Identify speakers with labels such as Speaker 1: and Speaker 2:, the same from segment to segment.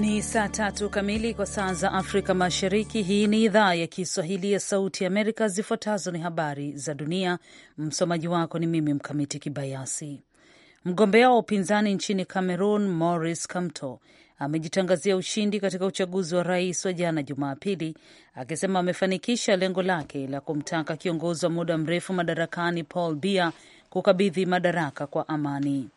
Speaker 1: Ni saa tatu kamili kwa saa za Afrika Mashariki. Hii ni idhaa ya Kiswahili ya Sauti Amerika. Zifuatazo ni habari za dunia, msomaji wako ni mimi Mkamiti Kibayasi. Mgombea wa upinzani nchini Cameroon, Maurice Kamto, amejitangazia ushindi katika uchaguzi wa rais wa jana Jumapili, akisema amefanikisha lengo lake la kumtaka kiongozi wa muda mrefu madarakani Paul Biya kukabidhi madaraka kwa amani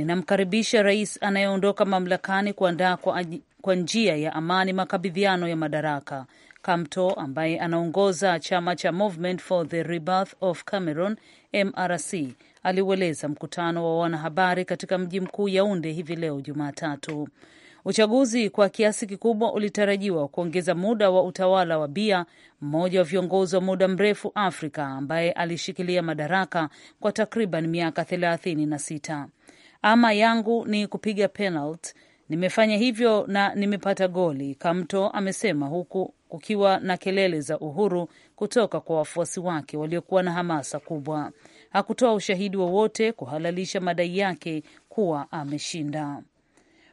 Speaker 1: ninamkaribisha rais anayeondoka mamlakani kuandaa kwa, kwa njia ya amani makabidhiano ya madaraka. Kamto ambaye anaongoza chama cha Movement for the Rebirth of Cameroon MRC aliueleza mkutano wa wanahabari katika mji mkuu Yaunde hivi leo Jumatatu. Uchaguzi kwa kiasi kikubwa ulitarajiwa kuongeza muda wa utawala wa bia mmoja wa viongozi wa muda mrefu Afrika ambaye alishikilia madaraka kwa takriban miaka thelathini na sita ama yangu ni kupiga penalti. Nimefanya hivyo na nimepata goli, Kamto amesema huku kukiwa na kelele za uhuru kutoka kwa wafuasi wake waliokuwa na hamasa kubwa. Hakutoa ushahidi wowote kuhalalisha madai yake kuwa ameshinda.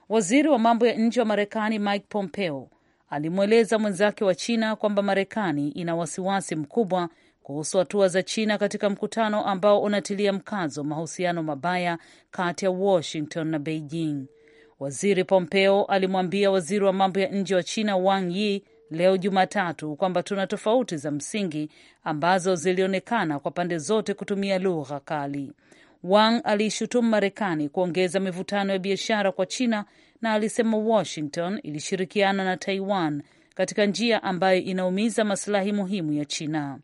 Speaker 1: Waziri wa mambo ya nje wa Marekani Mike Pompeo alimweleza mwenzake wa China kwamba Marekani ina wasiwasi mkubwa kuhusu hatua za China katika mkutano ambao unatilia mkazo mahusiano mabaya kati ya Washington na Beijing. Waziri Pompeo alimwambia waziri wa mambo ya nje wa China Wang Yi leo Jumatatu kwamba tuna tofauti za msingi ambazo zilionekana kwa pande zote kutumia lugha kali. Wang aliishutumu Marekani kuongeza mivutano ya biashara kwa China na alisema Washington ilishirikiana na Taiwan katika njia ambayo inaumiza masilahi muhimu ya China.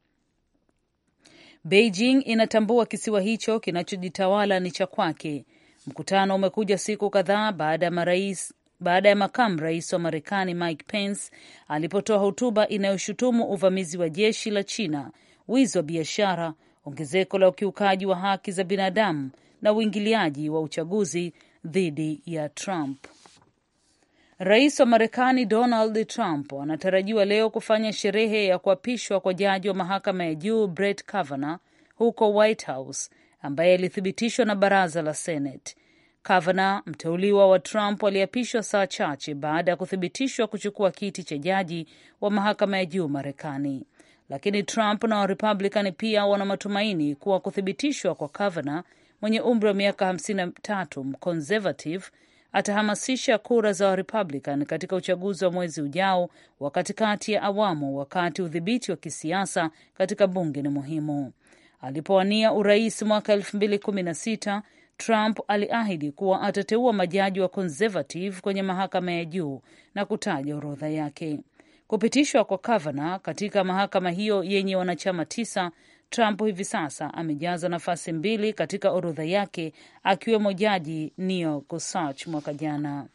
Speaker 1: Beijing inatambua kisiwa hicho kinachojitawala ni cha kwake. Mkutano umekuja siku kadhaa baada ya marais baada ya makamu rais wa Marekani Mike Pence alipotoa hotuba inayoshutumu uvamizi wa jeshi la China, wizi wa biashara, ongezeko la ukiukaji wa haki za binadamu na uingiliaji wa uchaguzi dhidi ya Trump. Rais wa Marekani Donald Trump anatarajiwa leo kufanya sherehe ya kuapishwa kwa jaji wa mahakama ya juu Brett Kavanaugh huko White House, ambaye alithibitishwa na baraza la Senate. Kavanaugh, mteuliwa wa Trump, aliapishwa saa chache baada ya kuthibitishwa kuchukua kiti cha jaji wa mahakama ya juu Marekani. Lakini Trump na Warepublican pia wana matumaini kuwa kuthibitishwa kwa Kavanaugh mwenye umri wa miaka 53 mconservative atahamasisha kura za Warepublican katika uchaguzi wa mwezi ujao wa katikati ya awamu, wakati udhibiti wa kisiasa katika bunge ni muhimu. Alipowania urais mwaka elfu mbili kumi na sita Trump aliahidi kuwa atateua majaji wa conservative kwenye mahakama ya juu na kutaja orodha yake. Kupitishwa kwa Kavanaugh katika mahakama hiyo yenye wanachama tisa Trump hivi sasa amejaza nafasi mbili katika orodha yake akiwemo jaji Neil Gorsuch mwaka jana.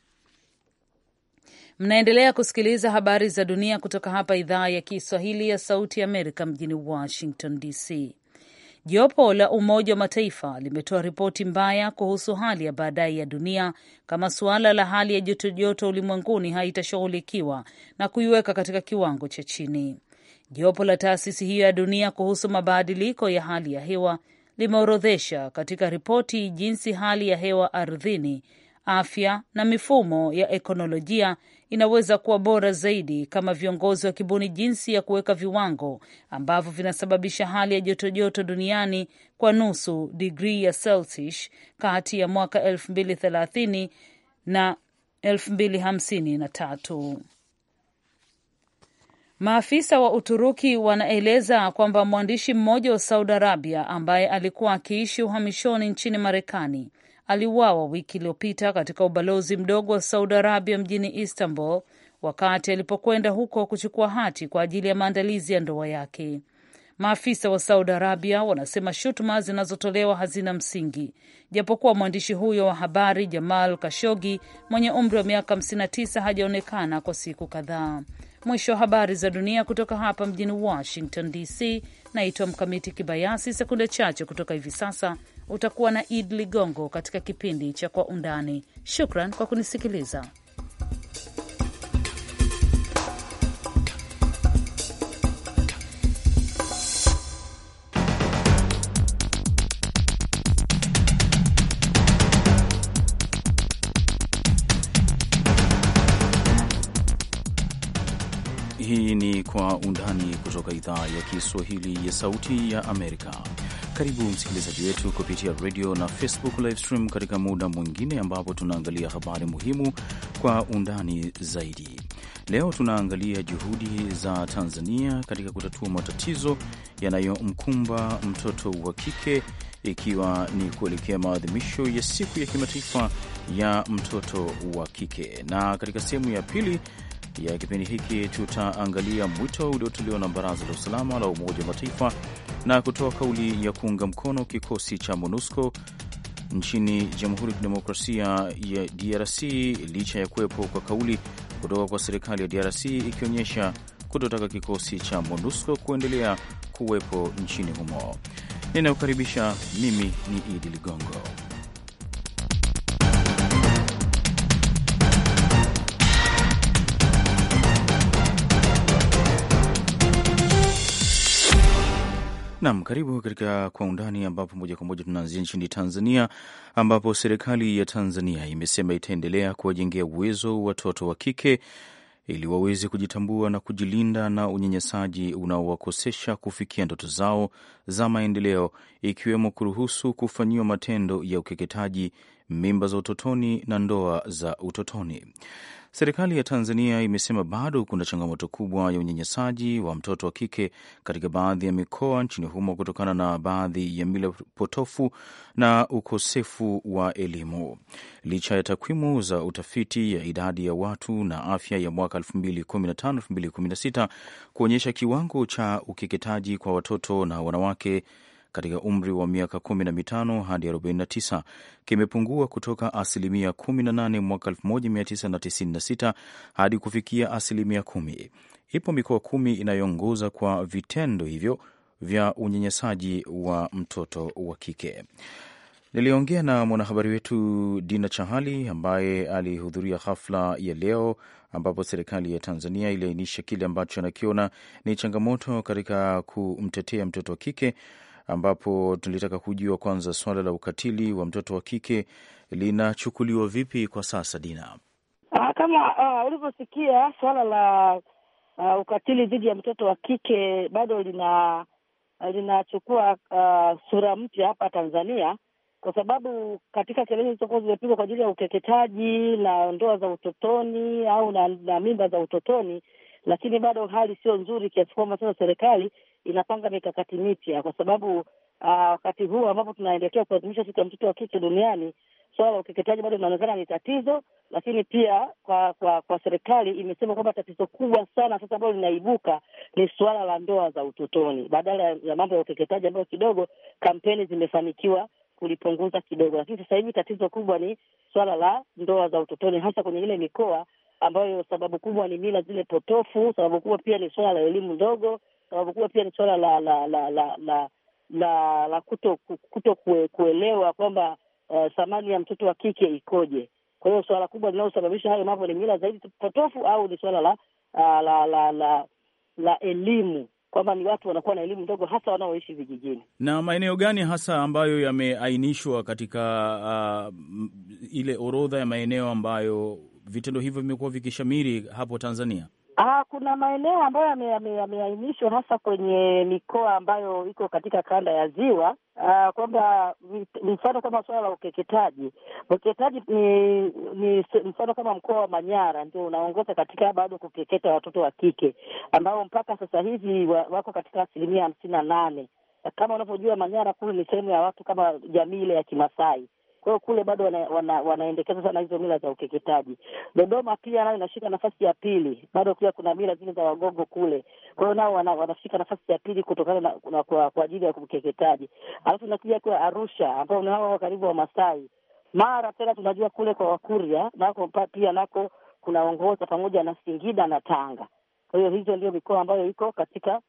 Speaker 1: Mnaendelea kusikiliza habari za dunia kutoka hapa idhaa ya Kiswahili ya Sauti ya Amerika mjini Washington DC. Jopo la Umoja wa Mataifa limetoa ripoti mbaya kuhusu hali ya baadaye ya dunia kama suala la hali ya jotojoto ulimwenguni haitashughulikiwa na kuiweka katika kiwango cha chini. Jopo la taasisi hiyo ya dunia kuhusu mabadiliko ya hali ya hewa limeorodhesha katika ripoti jinsi hali ya hewa ardhini, afya na mifumo ya ekonolojia inaweza kuwa bora zaidi kama viongozi wa kibuni jinsi ya kuweka viwango ambavyo vinasababisha hali ya jotojoto duniani kwa nusu digri ya Celsius kati ya mwaka 2030 na 2053. Maafisa wa Uturuki wanaeleza kwamba mwandishi mmoja wa Saudi Arabia ambaye alikuwa akiishi uhamishoni nchini Marekani aliuawa wiki iliyopita katika ubalozi mdogo wa Saudi Arabia mjini Istanbul wakati alipokwenda huko kuchukua hati kwa ajili ya maandalizi ya ndoa yake. Maafisa wa Saudi Arabia wanasema shutuma zinazotolewa hazina msingi, japokuwa mwandishi huyo wa habari Jamal Kashogi mwenye umri wa miaka 59 hajaonekana kwa siku kadhaa. Mwisho wa habari za dunia kutoka hapa mjini Washington DC. Naitwa Mkamiti Kibayasi. Sekunde chache kutoka hivi sasa utakuwa na Id Ligongo katika kipindi cha Kwa Undani. Shukran kwa kunisikiliza.
Speaker 2: Undani kutoka idhaa ya Kiswahili ya Sauti ya Amerika. Karibu msikilizaji wetu kupitia radio na Facebook live stream katika muda mwingine ambapo tunaangalia habari muhimu kwa undani zaidi. Leo tunaangalia juhudi za Tanzania katika kutatua matatizo yanayomkumba mtoto wa kike ikiwa ni kuelekea maadhimisho ya siku ya kimataifa ya mtoto wa kike, na katika sehemu ya pili ya kipindi hiki tutaangalia mwito uliotolewa na Baraza la Usalama la Umoja wa Mataifa na kutoa kauli ya kuunga mkono kikosi cha MONUSCO nchini Jamhuri ya Kidemokrasia ya DRC licha ya kuwepo kwa kauli kutoka kwa serikali ya DRC ikionyesha kutotaka kikosi cha MONUSCO kuendelea kuwepo nchini humo. Ninayokaribisha mimi ni Idi Ligongo. Nam, karibu katika Kwa Undani, ambapo moja kwa moja tunaanzia nchini Tanzania, ambapo serikali ya Tanzania imesema itaendelea kuwajengea uwezo watoto wa kike ili waweze kujitambua na kujilinda na unyanyasaji unaowakosesha kufikia ndoto zao za maendeleo, ikiwemo kuruhusu kufanyiwa matendo ya ukeketaji mimba za utotoni na ndoa za utotoni. Serikali ya Tanzania imesema bado kuna changamoto kubwa ya unyanyasaji wa mtoto wa kike katika baadhi ya mikoa nchini humo kutokana na baadhi ya mila potofu na ukosefu wa elimu. Licha ya takwimu za utafiti ya idadi ya watu na afya ya mwaka 2015-2016 kuonyesha kiwango cha ukeketaji kwa watoto na wanawake katika umri wa miaka 15 hadi 49 kimepungua kutoka asilimia 18 mwaka 1996 hadi kufikia asilimia 10. Ipo mikoa kumi inayoongoza kwa vitendo hivyo vya unyanyasaji wa mtoto wa kike. Niliongea na mwanahabari wetu Dina Chahali ambaye alihudhuria hafla ya leo ambapo serikali ya Tanzania iliainisha kile ambacho anakiona ni changamoto katika kumtetea mtoto wa kike ambapo tulitaka kujua kwanza swala la ukatili wa mtoto wa kike linachukuliwa vipi kwa sasa, Dina?
Speaker 3: Aa, ah, kama ah, ulivyosikia swala la uh, ukatili dhidi ya mtoto wa kike bado lina linachukua uh, sura mpya hapa Tanzania kwa sababu katika kelele zilizokuwa zimepigwa kwa ajili ya ukeketaji na ndoa za utotoni au na, na mimba za utotoni, lakini bado hali sio nzuri kiasi kwamba sasa serikali inapanga mikakati mipya, kwa sababu ah, wakati uh, huu ambapo tunaelekea kuadhimisha siku ya mtoto wa kike duniani, suala la ukeketaji bado linaonekana ni tatizo, lakini pia kwa kwa, kwa serikali imesema kwamba tatizo kubwa sana sasa ambalo linaibuka ni suala la ndoa za utotoni badala ya mambo ya ukeketaji ambayo kidogo kampeni zimefanikiwa kulipunguza kidogo, lakini sasa hivi tatizo kubwa ni suala la ndoa za utotoni, hasa kwenye ile mikoa ambayo sababu kubwa ni mila zile potofu. Sababu kubwa pia ni suala la elimu ndogo, unapokuwa pia ni suala la la la la la, la, la kuto, kuto kue, kuelewa kwamba uh, thamani ya mtoto wa kike ikoje. Kwa hiyo suala kubwa linalosababisha hayo mambo ni mila zaidi potofu au ni suala la, la, ah, la, la, la, la elimu kwamba ni watu wanakuwa na elimu ndogo hasa wanaoishi vijijini.
Speaker 2: Na maeneo gani hasa ambayo yameainishwa katika uh, ile orodha ya maeneo ambayo vitendo hivyo vimekuwa vikishamiri hapo Tanzania?
Speaker 3: Ah, kuna maeneo ambayo yameainishwa hasa kwenye mikoa ambayo iko katika kanda ya ziwa ah, kwamba mfano kama suala la ukeketaji, ukeketaji ni, ni mfano kama mkoa wa Manyara ndio unaongoza katika bado kukeketa watoto wa kike ambao mpaka sasa hivi wako katika asilimia hamsini na nane. Kama unavyojua Manyara kule ni sehemu ya watu kama jamii ile ya Kimasai kwa hiyo kule bado wana, wana, wanaendekeza sana hizo mila za ukeketaji. Dodoma pia nayo inashika nafasi ya pili, bado pia kuna mila zile za Wagogo kule, kwa hiyo nao wana, wanashika nafasi ya pili kutokana na, na kwa, kwa ajili ya ukeketaji. Alafu nakuja kwa Arusha ambao ni hao karibu wa Masai. Mara tena tunajua kule kwa Wakurya nako pia nako kunaongoza pamoja na Singida na Tanga. Kwa hiyo hizo ndio mikoa ambayo iko katika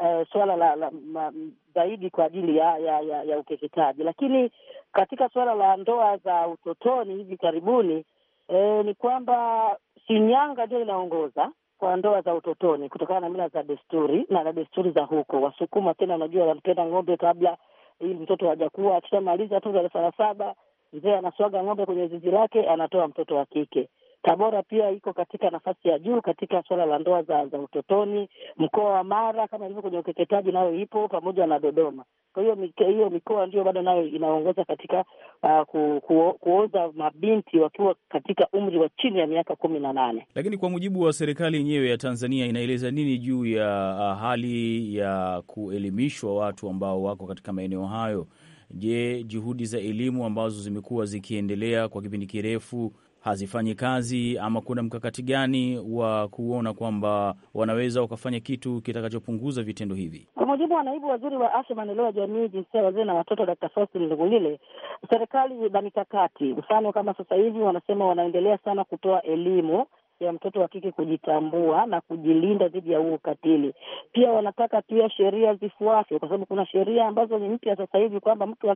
Speaker 3: eh, suala la, la ma, zaidi kwa ajili ya ya, ya, ya ukeketaji, lakini katika suala la ndoa za utotoni hivi karibuni eh, ni kwamba Shinyanga ndio inaongoza kwa ndoa za utotoni kutokana na mila za desturi na na desturi za huko. Wasukuma tena, unajua wanapenda ng'ombe kabla ili mtoto hajakuwa, akishamaliza tu darasa la saba, mzee anaswaga ng'ombe kwenye zizi lake, anatoa mtoto wa kike. Tabora pia iko katika nafasi ya juu katika suala la ndoa za, za utotoni. Mkoa wa Mara kama ilivyo kwenye ukeketaji nayo ipo pamoja na Dodoma. Kwa hiyo hiyo mikoa ndio bado nayo inaongoza katika uh, ku, ku, kuoza mabinti wakiwa katika umri wa chini ya miaka kumi na nane.
Speaker 2: Lakini kwa mujibu wa serikali yenyewe ya Tanzania inaeleza nini juu ya uh, hali ya kuelimishwa watu ambao wako katika maeneo hayo? Je, juhudi za elimu ambazo zimekuwa zikiendelea kwa kipindi kirefu hazifanyi kazi ama kuna mkakati gani wa kuona kwamba wanaweza wakafanya kitu kitakachopunguza vitendo hivi?
Speaker 3: Kwa mujibu wa naibu waziri wa afya, maendeleo ya jamii, jinsia ya wazee na watoto, Dr. Faustin Ndugulile, serikali na mikakati, mfano kama sasa hivi wanasema wanaendelea sana kutoa elimu ya mtoto wa kike kujitambua na kujilinda dhidi ya huo ukatili. Pia wanataka pia sheria zifuatwe, kwa sababu kuna sheria ambazo ni mpya sasa hivi kwamba mtu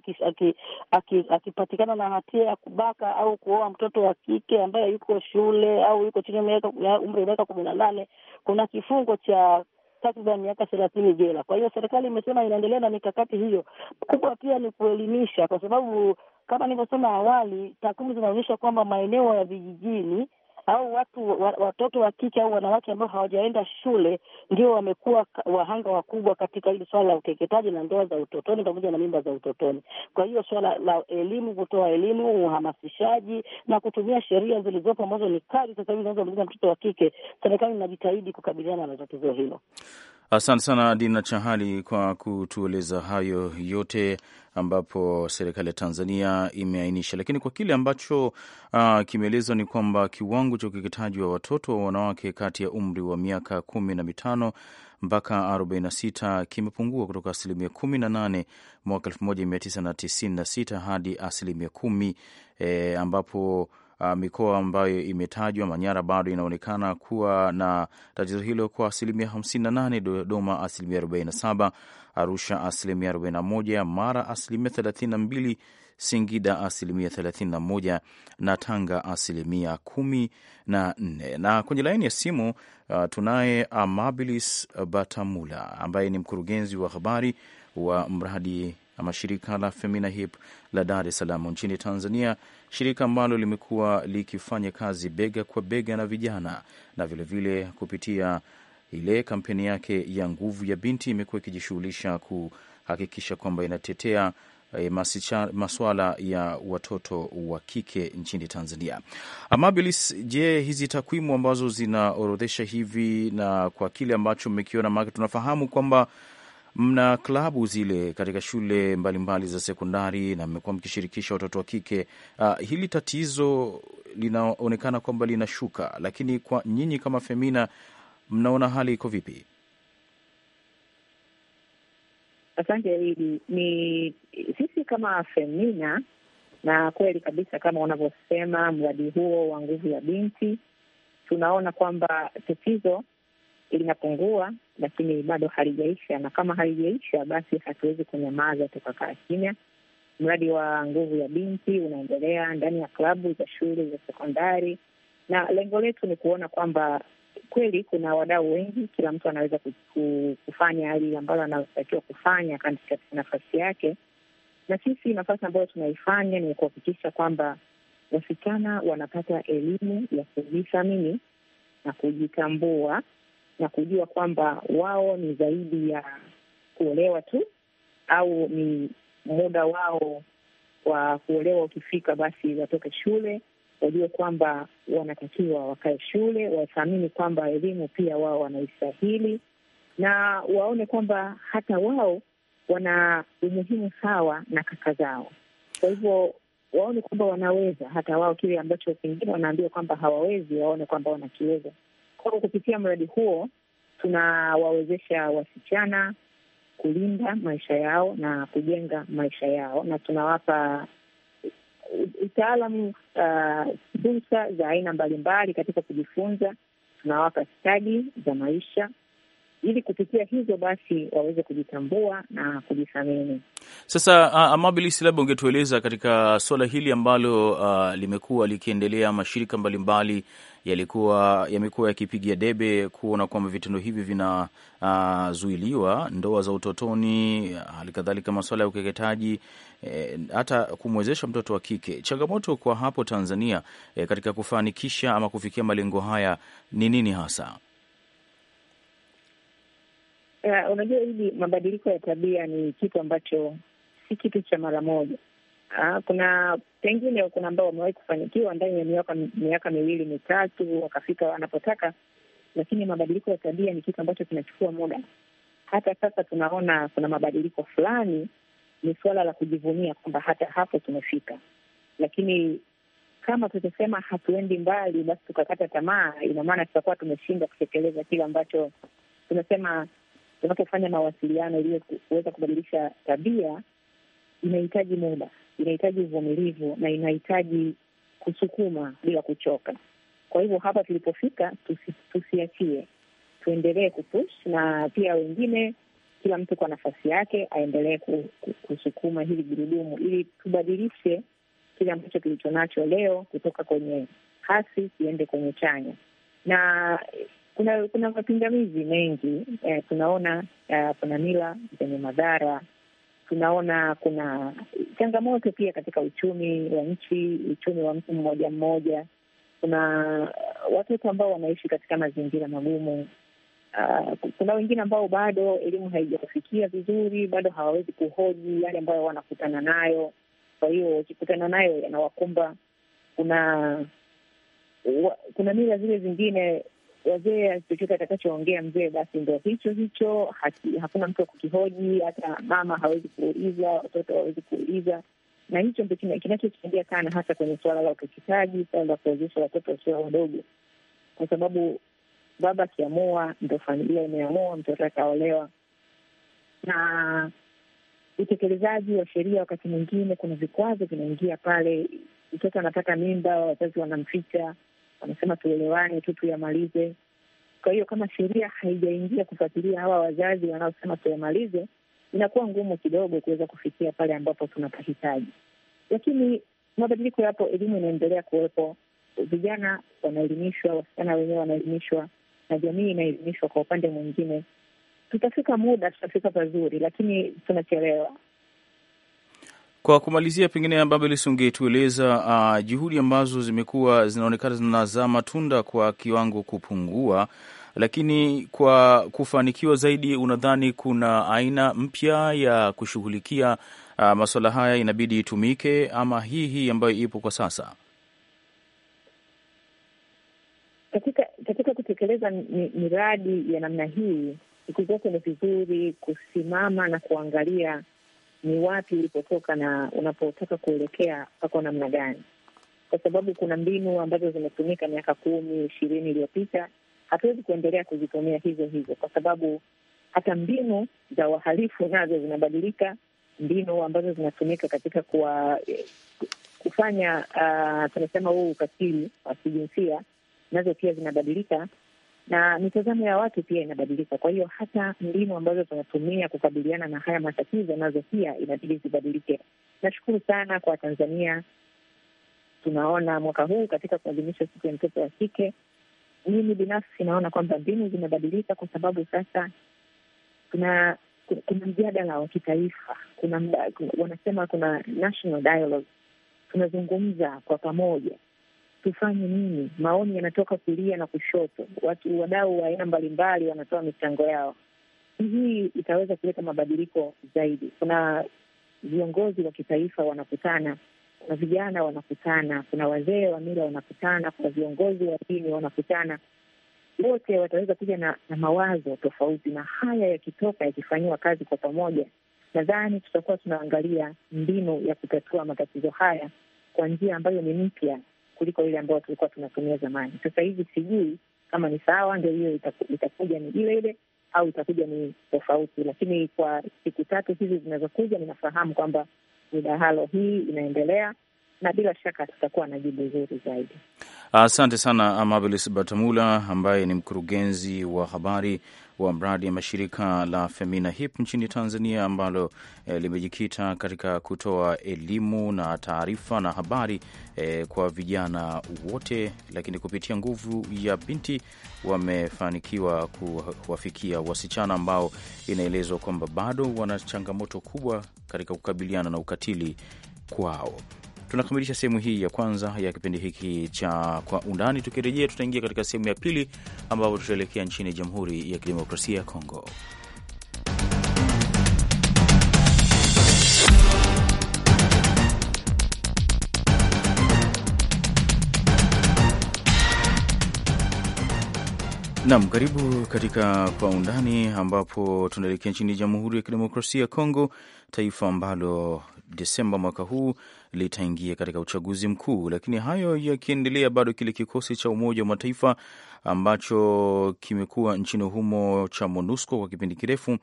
Speaker 3: akipatikana na hatia ya kubaka au kuoa mtoto wa kike ambaye yuko shule au yuko chini ya umri wa miaka kumi na nane kuna kifungo cha takriban miaka thelathini jela. Kwa hiyo serikali imesema inaendelea na mikakati hiyo. Kubwa pia ni kuelimisha, kwa sababu kama nilivyosema awali, takwimu zinaonyesha kwamba maeneo ya vijijini au watu watoto wa kike au wanawake ambao hawajaenda shule ndio wamekuwa wahanga wakubwa katika hili swala la ukeketaji na ndoa za utotoni pamoja na mimba za utotoni. Kwa hiyo swala la elimu, kutoa elimu, uhamasishaji na kutumia sheria zilizopo ambazo ni kali sasa hivi zinazomlinda mtoto wa kike, serikali inajitahidi kukabiliana na tatizo hilo.
Speaker 2: Asante sana Dina Chahali kwa kutueleza hayo yote ambapo serikali ya Tanzania imeainisha. Lakini kwa kile ambacho uh, kimeelezwa ni kwamba kiwango cha ukeketaji wa watoto wa wanawake kati ya umri wa miaka kumi na mitano mpaka 46 kimepungua kutoka asilimia 18 mwaka 1996 hadi asilimia kumi, eh, ambapo uh, mikoa ambayo imetajwa, Manyara bado inaonekana kuwa na tatizo hilo kwa asilimia 58, Dodoma asilimia 47, Arusha asilimia 41, Mara asilimia 32, Singida asilimia 31 na Tanga asilimia 14. Na kwenye laini ya simu uh, tunaye Amabilis Batamula ambaye ni mkurugenzi wa habari wa mradi ama shirika la Femina Hip la Dar es Salaam nchini Tanzania shirika ambalo limekuwa likifanya kazi bega kwa bega na vijana na vilevile vile kupitia ile kampeni yake ya nguvu ya binti imekuwa ikijishughulisha kuhakikisha kwamba inatetea e, maswala ya watoto wa kike nchini Tanzania. Amabilis, je, hizi takwimu ambazo zinaorodhesha hivi na kwa kile ambacho mmekiona, maake tunafahamu kwamba mna klabu zile katika shule mbalimbali mbali za sekondari na mmekuwa mkishirikisha watoto wa kike uh, hili tatizo linaonekana kwamba linashuka, lakini kwa nyinyi kama Femina mnaona hali iko vipi?
Speaker 4: Asante. idi ni sisi kama Femina na kweli kabisa kama unavyosema, mradi huo wa nguvu ya binti tunaona kwamba tatizo linapungua, lakini bado halijaisha, na kama halijaisha, basi hatuwezi kunyamaza tukakaa kimya. Mradi wa nguvu ya binti unaendelea ndani ya klabu za shule za sekondari, na lengo letu ni kuona kwamba kweli kuna wadau wengi, kila mtu anaweza kufanya hali ambalo anatakiwa kufanya katika nafasi yake, na sisi nafasi ambayo tunaifanya ni kuhakikisha kwamba wasichana wanapata elimu ya kujithamini na kujitambua na kujua kwamba wao ni zaidi ya kuolewa tu, au ni muda wao wa kuolewa ukifika, basi watoke shule, wajue kwamba wanatakiwa wakae shule, wathamini kwamba elimu pia wao wanaistahili, na waone kwamba hata wao wana umuhimu sawa na kaka zao. Kwa hivyo waone kwamba wanaweza hata wao kile ambacho pengine wanaambiwa kwamba hawawezi, waone kwamba wanakiweza. Kwa kupitia mradi huo tunawawezesha wasichana kulinda maisha yao na kujenga maisha yao, na tunawapa utaalamu uh, fursa uh, za aina mbalimbali katika kujifunza. Tunawapa stadi za maisha ili kupitia hizo basi waweze kujitambua na kujithamini.
Speaker 2: Sasa uh, Amabilisi, labda ungetueleza katika suala hili ambalo uh, limekuwa likiendelea, mashirika mbalimbali yalikuwa yamekuwa yakipigia debe kuona kwamba vitendo hivi vinazuiliwa, uh, ndoa za utotoni, hali kadhalika masuala ya ukeketaji, eh, hata kumwezesha mtoto wa kike. Changamoto kwa hapo Tanzania eh, katika kufanikisha ama kufikia malengo haya ni nini hasa?
Speaker 4: Uh, unajua hili mabadiliko ya tabia ni kitu ambacho si kitu cha mara moja. Uh, kuna pengine kuna ambao wamewahi kufanikiwa ndani ya miaka miaka miwili mitatu wakafika wanapotaka, lakini mabadiliko ya tabia ni kitu ambacho kinachukua muda. Hata sasa tunaona kuna mabadiliko fulani, ni suala la kujivunia kwamba hata hapo tumefika, lakini kama tutasema hatuendi mbali, basi tukakata tamaa, ina maana tutakuwa tumeshindwa kutekeleza kile ambacho tunasema unapofanya mawasiliano ili kuweza kubadilisha tabia, inahitaji muda, inahitaji uvumilivu na inahitaji kusukuma bila kuchoka. Kwa hivyo hapa tulipofika, tusi, tusiachie, tuendelee kupush na pia wengine, kila mtu kwa nafasi yake aendelee kusukuma hili gurudumu ili tubadilishe kile ambacho kilicho nacho leo kutoka kwenye hasi kiende kwenye chanya na kuna kuna mapingamizi mengi eh, tunaona eh, kuna mila zenye madhara, tunaona kuna changamoto pia katika uchumi wa nchi, uchumi wa mtu mmoja mmoja. Kuna eh, watoto ambao wanaishi katika mazingira magumu. Uh, kuna wengine ambao bado elimu haijafikia vizuri, bado hawawezi kuhoji yale ambayo wanakutana nayo, kwa hiyo wakikutana nayo yanawakumba. Kuna wa, kuna mila zile zingine wazee, chochote atakachoongea mzee basi ndo hicho hicho, hakuna mtu wa kukihoji. Hata mama hawezi kuuliza, watoto hawawezi kuuliza, na hicho ndo kinachochangia sana, hasa kwenye suala la ukeketaji, suala la kuwezesha watoto wasio wadogo, kwa sababu baba akiamua ndo familia imeamua, mtoto akaolewa. Na utekelezaji wa sheria, wakati mwingine kuna vikwazo vinaingia pale, mtoto anapata mimba, wazazi wanamficha anasema tuelewane tu, tuyamalize. Kwa hiyo kama sheria haijaingia kufuatilia hawa wazazi wanaosema tuyamalize, inakuwa ngumu kidogo kuweza kufikia pale ambapo tunapahitaji, lakini mabadiliko yapo, elimu inaendelea kuwepo, vijana wanaelimishwa, wasichana wenyewe wanaelimishwa na jamii inaelimishwa. Kwa upande mwingine, tutafika muda, tutafika pazuri, lakini tunachelewa.
Speaker 2: Kwa kumalizia, pengine Ambabelis, ungetueleza uh, juhudi ambazo zimekuwa zinaonekana zinazaa matunda kwa kiwango kupungua, lakini kwa kufanikiwa zaidi, unadhani kuna aina mpya ya kushughulikia uh, masuala haya inabidi itumike ama hii hii ambayo ipo kwa sasa?
Speaker 4: Katika katika kutekeleza miradi ya namna hii, siku zote ni vizuri kusimama na kuangalia ni wapi ulipotoka na unapotaka kuelekea pako namna gani, kwa sababu kuna mbinu ambazo zimetumika miaka kumi ishirini iliyopita. Hatuwezi kuendelea kuzitumia hizo hizo, kwa sababu hata mbinu za wahalifu nazo zinabadilika, mbinu ambazo zinatumika katika kuwa, kufanya uh, tunasema huu ukatili wa kijinsia nazo pia zinabadilika na mitazamo ya watu pia inabadilika. Kwa hiyo hata mbinu ambazo tunatumia kukabiliana na haya matatizo nazo pia inabidi zibadilike. Nashukuru sana kwa Tanzania, tunaona mwaka huu katika kuadhimisha siku ya mtoto wa kike, mimi binafsi naona kwamba mbinu zimebadilika kwa sababu sasa kuna kuna mjadala wa kitaifa, kuna wanasema kuna national dialogue, tunazungumza kwa pamoja tufanye nini? Maoni yanatoka kulia na kushoto, watu wadau wa aina mbalimbali wanatoa michango yao. Hii itaweza kuleta mabadiliko zaidi. Kuna viongozi wa kitaifa wanakutana, kuna vijana wanakutana, kuna wazee wa mila wanakutana, kuna viongozi wa dini wanakutana, wote wataweza kuja na, na mawazo tofauti, na haya yakitoka, yakifanyiwa kazi kwa pamoja, nadhani tutakuwa tunaangalia mbinu ya kutatua matatizo haya kwa njia ambayo ni mpya kuliko ile ambayo tulikuwa tunatumia zamani. Sasa hivi sijui kama ni sawa, ndio hiyo itakuja ni ile ile au itakuja ni tofauti, lakini kwa siku tatu hizi zinazokuja, ninafahamu kwamba midahalo hii inaendelea na bila shaka tutakuwa na jibu zuri zaidi.
Speaker 2: Asante sana Amabilis Batamula ambaye ni mkurugenzi wa habari wa mradi ya mashirika la Femina Hip nchini Tanzania ambalo eh, limejikita katika kutoa elimu na taarifa na habari eh, kwa vijana wote, lakini kupitia nguvu ya binti wamefanikiwa kuwafikia wasichana ambao inaelezwa kwamba bado wana changamoto kubwa katika kukabiliana na ukatili kwao tunakamilisha sehemu hii ya kwanza ya kipindi hiki cha Kwa Undani. Tukirejea tutaingia katika sehemu ya pili, ambapo tutaelekea nchini Jamhuri ya Kidemokrasia ya Kongo. Nam, karibu katika Kwa Undani, ambapo tunaelekea nchini Jamhuri ya Kidemokrasia ya Kongo, taifa ambalo Desemba mwaka huu litaingia katika uchaguzi mkuu. Lakini hayo yakiendelea, bado kile kikosi cha Umoja wa Mataifa ambacho kimekuwa nchini humo cha MONUSCO kwa kipindi kirefu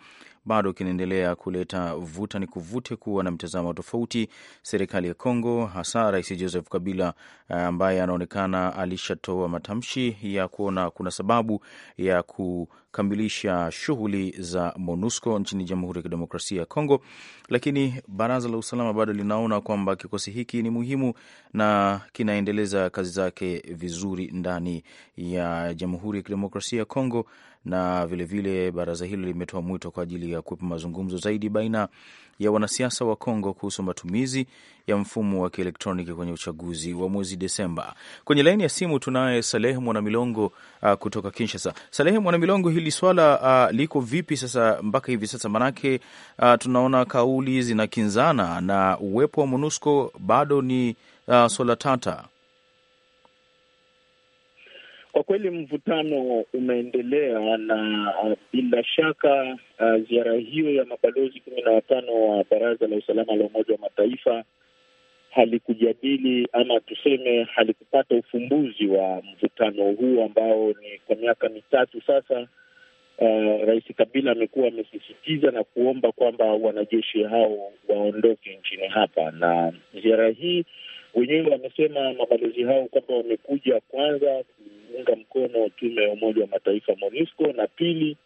Speaker 2: bado kinaendelea kuleta vuta ni kuvute, kuwa na mtazamo tofauti. Serikali ya Kongo, hasa Rais Joseph Kabila eh, ambaye anaonekana alishatoa matamshi ya kuona kuna sababu ya ku kukamilisha shughuli za MONUSCO nchini Jamhuri ya Kidemokrasia ya Kongo, lakini Baraza la Usalama bado linaona kwamba kikosi hiki ni muhimu na kinaendeleza kazi zake vizuri ndani ya Jamhuri ya Kidemokrasia ya Kongo na vilevile vile baraza hilo limetoa mwito kwa ajili ya kuwepo mazungumzo zaidi baina ya wanasiasa wa Kongo kuhusu matumizi ya mfumo wa kielektroniki kwenye uchaguzi wa mwezi Desemba. Kwenye laini ya simu tunaye Salehe Mwanamilongo uh, kutoka Kinshasa. Salehe Mwanamilongo, hili swala uh, liko vipi sasa mpaka hivi sasa? Manake uh, tunaona kauli zinakinzana na uwepo wa MONUSCO bado ni uh, swala tata.
Speaker 5: Kwa kweli mvutano umeendelea na uh, bila shaka uh, ziara hiyo ya mabalozi kumi na watano wa Baraza la Usalama la Umoja wa Mataifa halikujadili ama tuseme halikupata ufumbuzi wa mvutano huu ambao ni kwa miaka mitatu sasa. Uh, Rais Kabila amekuwa amesisitiza na kuomba kwamba wanajeshi hao waondoke nchini hapa, na ziara hii Wenyewe wamesema mabalozi hao kwamba wamekuja kwanza kuunga mkono tume ya Umoja wa Mataifa MONUSCO na pili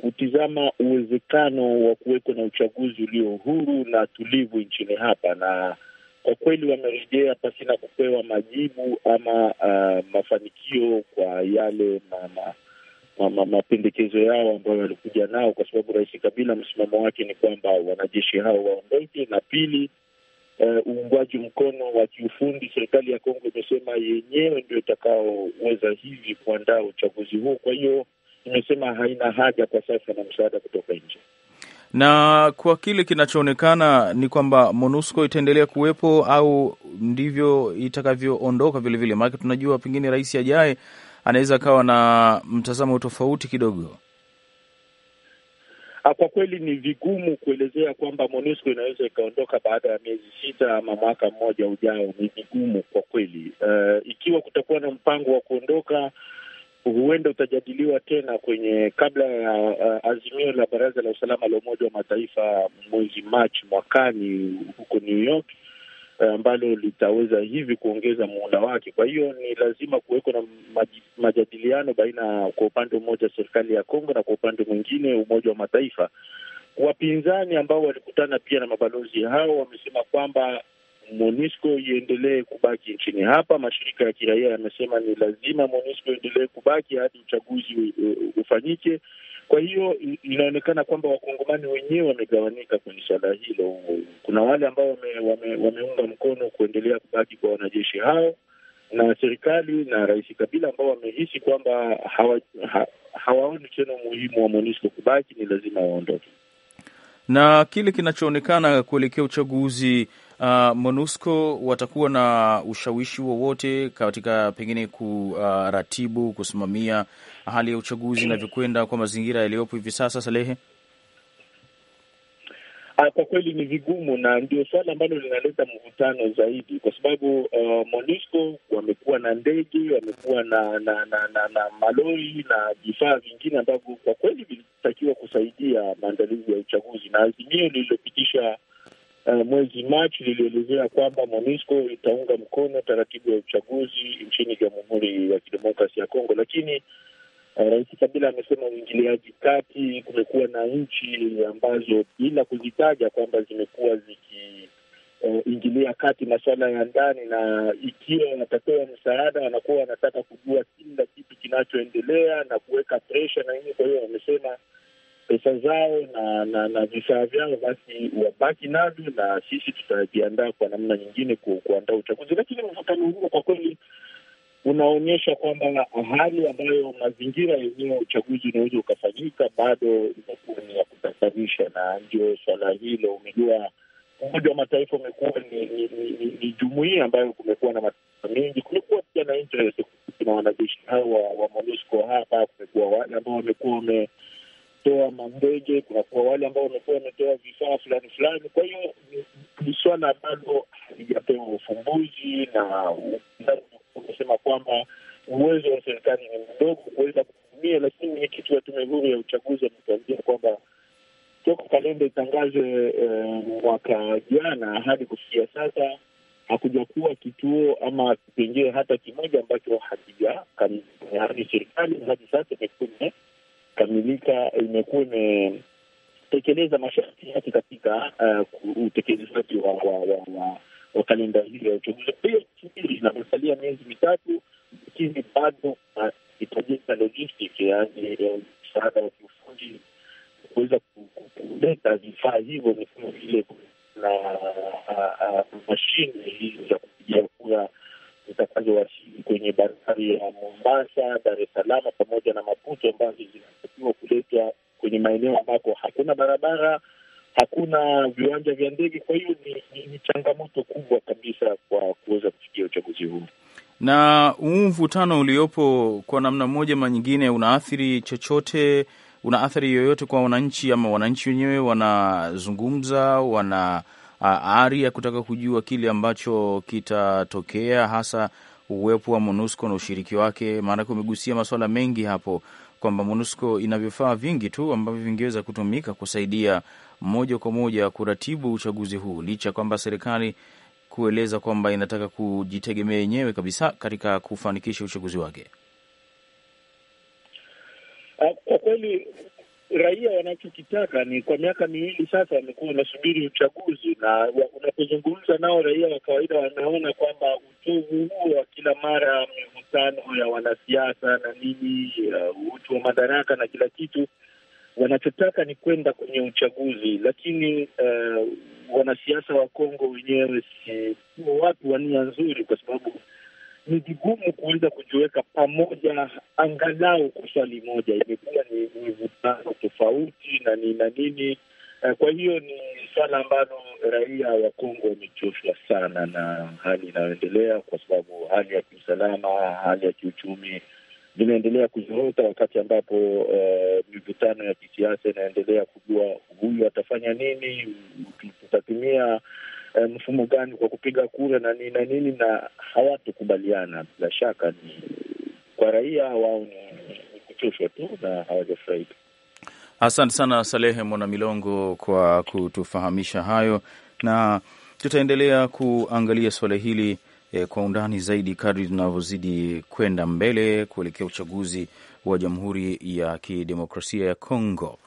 Speaker 5: kutizama uwezekano wa kuwekwa na uchaguzi ulio huru na tulivu nchini hapa, na kwa kweli wamerejea pasina kupewa majibu ama uh, mafanikio kwa yale mama mapendekezo yao ambayo walikuja nao, kwa sababu Rais Kabila msimamo wake ni kwamba wanajeshi hao waondoke, na pili Uh, uungwaji uh, mkono wa kiufundi. Serikali ya Kongo imesema yenyewe ndio itakaoweza hivi kuandaa uchaguzi huo, kwa hiyo imesema haina haja kwa sasa na msaada kutoka nje
Speaker 2: na kwa kile kinachoonekana ni kwamba MONUSCO itaendelea kuwepo au ndivyo itakavyoondoka vilevile, maanake tunajua pengine rais ajaye anaweza akawa na mtazamo tofauti kidogo.
Speaker 5: Ah, kwa kweli ni vigumu kuelezea kwamba MONUSCO inaweza ikaondoka baada ya miezi sita ama mwaka mmoja ujao. Ni vigumu kwa kweli. Uh, ikiwa kutakuwa na mpango wa kuondoka huenda utajadiliwa tena kwenye kabla ya uh, azimio la Baraza la Usalama la Umoja wa Mataifa mwezi Machi mwakani huko New York Eh, ambalo litaweza hivi kuongeza muhula wake. Kwa hiyo ni lazima kuweko na majadiliano baina ya kwa upande mmoja serikali ya Kongo na kwa upande mwingine Umoja wa Mataifa. Wapinzani ambao walikutana pia na mabalozi hao wamesema kwamba MONUSCO iendelee kubaki nchini hapa. Mashirika ya kiraia yamesema ni lazima MONUSCO iendelee kubaki hadi uchaguzi eh, ufanyike. Kwa hiyo inaonekana kwamba wakongomani wenyewe wamegawanyika kwenye suala hilo. Kuna wale ambao wame, wame, wameunga mkono kuendelea kubaki kwa wanajeshi hao na serikali na Rais Kabila ambao wamehisi kwamba ha, hawaoni tena umuhimu wa MONUSCO kubaki, ni lazima waondoke
Speaker 2: na kile kinachoonekana kuelekea uchaguzi uh, MONUSCO watakuwa na ushawishi wowote katika pengine kuratibu, uh, kusimamia hali ya uchaguzi inavyokwenda kwa mazingira yaliyopo hivi sasa, Salehe?
Speaker 5: Ah, kwa kweli ni vigumu, na ndio swala ambalo linaleta mvutano zaidi, kwa sababu uh, MONUSCO wamekuwa na ndege, wamekuwa na na, na, na, na malori na vifaa vingine ambavyo kwa kweli vilitakiwa kusaidia maandalizi ya uchaguzi, na azimio lililopitisha uh, mwezi Machi lilielezea kwamba MONUSCO itaunga mkono taratibu ya uchaguzi nchini Jamhuri ya Kidemokrasia ya Kongo, lakini uh, Rais Kabila amesema uingiliaji kati, kumekuwa na nchi ambazo bila kuzitaja kwamba zimekuwa ziki Uh, ingilia kati masuala ya ndani, na ikiwa watapewa msaada wanakuwa wanataka kujua kila kitu kinachoendelea na kuweka presha na nini. Kwa hiyo wamesema pesa zao na na, na vifaa vyao, basi wabaki navyo, na sisi tutajiandaa kwa namna nyingine ku, kuandaa uchaguzi. Lakini mvutano huo kwa kweli unaonyesha kwamba hali ambayo mazingira yenyewe ya uchaguzi unaweza ukafanyika bado imekuwa ni ya kutatanisha, na ndio swala hilo. Umejua, Umoja wa Mataifa umekuwa ni, ni, ni, ni, ni jumuia ambayo kumekuwa na mataifa mengi. Kumekuwa pia na interest na wanajeshi hao wa MONUSCO hapa, kumekuwa wale ambao wamekuwa wame wametoa mandege, kunakuwa wale ambao wamekuwa wametoa vifaa fulani fulani. Kwa hiyo ni swala ambalo halijapewa ufumbuzi, na umesema kwamba uwezo wa serikali ni mdogo kuweza kutumia, lakini mwenyekiti wa tume huru ya uchaguzi ametuambia kwamba toka kalenda itangazwe eh, mwaka jana hadi kufikia sasa hakujakuwa kituo ama kipengee hata kimoja ambacho hakijakamilika hadi serikali hadi sasa imekuja kamilika eh, imekuwa imetekeleza masharti yake katika eh, utekelezaji wa wa wa kalenda hiyo ya uchaguzi. Kwa hiyo subiri, miezi mitatu, lakini bado inahitajika eh, logistic, yaani msaada wa kiufundi kuweza kuleta vifaa hivyo, ni kama vile na mashine hizi za kupigia kura zitakazowasili kwenye bandari ya Mombasa, Dar es Salaam pamoja na Maputo ambazo Ethiopia kwenye maeneo ambako hakuna barabara, hakuna viwanja vya ndege. Kwa hiyo ni, ni, ni changamoto kubwa kabisa kwa kuweza kufikia uchaguzi huu,
Speaker 2: na huu mvutano uliopo kwa namna moja ama nyingine unaathiri chochote, una athari yoyote kwa wananchi, ama wananchi wenyewe wanazungumza, wana ari ya kutaka kujua kile ambacho kitatokea, hasa uwepo wa MONUSCO na ushiriki wake, maanake umegusia masuala mengi hapo kwamba MONUSCO ina vifaa vingi tu ambavyo vingeweza kutumika kusaidia moja kwa moja kuratibu uchaguzi huu, licha ya kwamba serikali kueleza kwamba inataka kujitegemea yenyewe kabisa katika kufanikisha uchaguzi wake.
Speaker 5: Kwa kweli raia wanachokitaka ni kwa miaka miwili sasa wamekuwa wanasubiri uchaguzi, na unapozungumza nao raia wa kawaida wanaona kwamba uchovu huo wa kila mara mivutano ya wanasiasa na nini, uh, utu wa madaraka na kila kitu, wanachotaka ni kwenda kwenye uchaguzi. Lakini uh, wanasiasa wa Kongo wenyewe si watu wa nia nzuri, kwa sababu ni vigumu kuweza kujiweka pamoja angalau kwa swali moja. Imekuwa ni mivutano tofauti na ni na nini. Eh, kwa hiyo ni swala ambalo raia wa Kongo wamechoshwa sana na hali inayoendelea, kwa sababu hali ya kiusalama, hali ya kiuchumi vinaendelea kuzorota, wakati ambapo uh, mivutano ya kisiasa inaendelea kujua huyu atafanya nini, tutatumia Eh, mfumo gani kwa kupiga kura na nini na nini, na hawatukubaliana. Bila shaka ni kwa raia wao ni kuchoshwa tu na hawajafurahika.
Speaker 2: Asante sana Salehe Mwana Milongo kwa kutufahamisha hayo, na tutaendelea kuangalia suala hili eh, kwa undani zaidi kadri tunavyozidi kwenda mbele kuelekea uchaguzi wa Jamhuri ya Kidemokrasia ya Kongo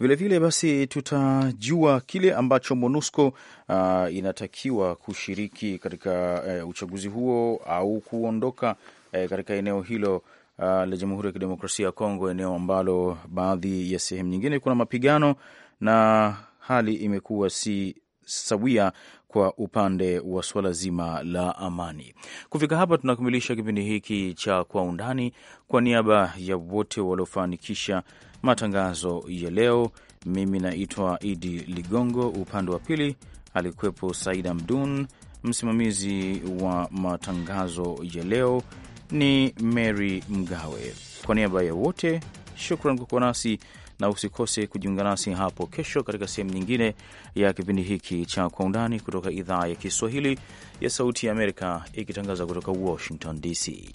Speaker 2: vilevile vile basi tutajua kile ambacho MONUSCO uh, inatakiwa kushiriki katika uh, uchaguzi huo au kuondoka uh, katika eneo hilo uh, la Jamhuri ya Kidemokrasia ya Kongo, eneo ambalo baadhi ya sehemu nyingine kuna mapigano na hali imekuwa si sawia kwa upande wa suala zima la amani. Kufika hapa, tunakamilisha kipindi hiki cha Kwa Undani. Kwa niaba ya wote waliofanikisha matangazo ya leo, mimi naitwa Idi Ligongo, upande wa pili alikuwepo Saida Mdun, msimamizi wa matangazo ya leo ni Mary Mgawe. Kwa niaba ya wote, shukran kwa kuwa nasi na usikose kujiunga nasi hapo kesho katika sehemu nyingine ya kipindi hiki cha Kwa Undani kutoka idhaa ya Kiswahili ya Sauti ya Amerika, ikitangaza kutoka Washington DC.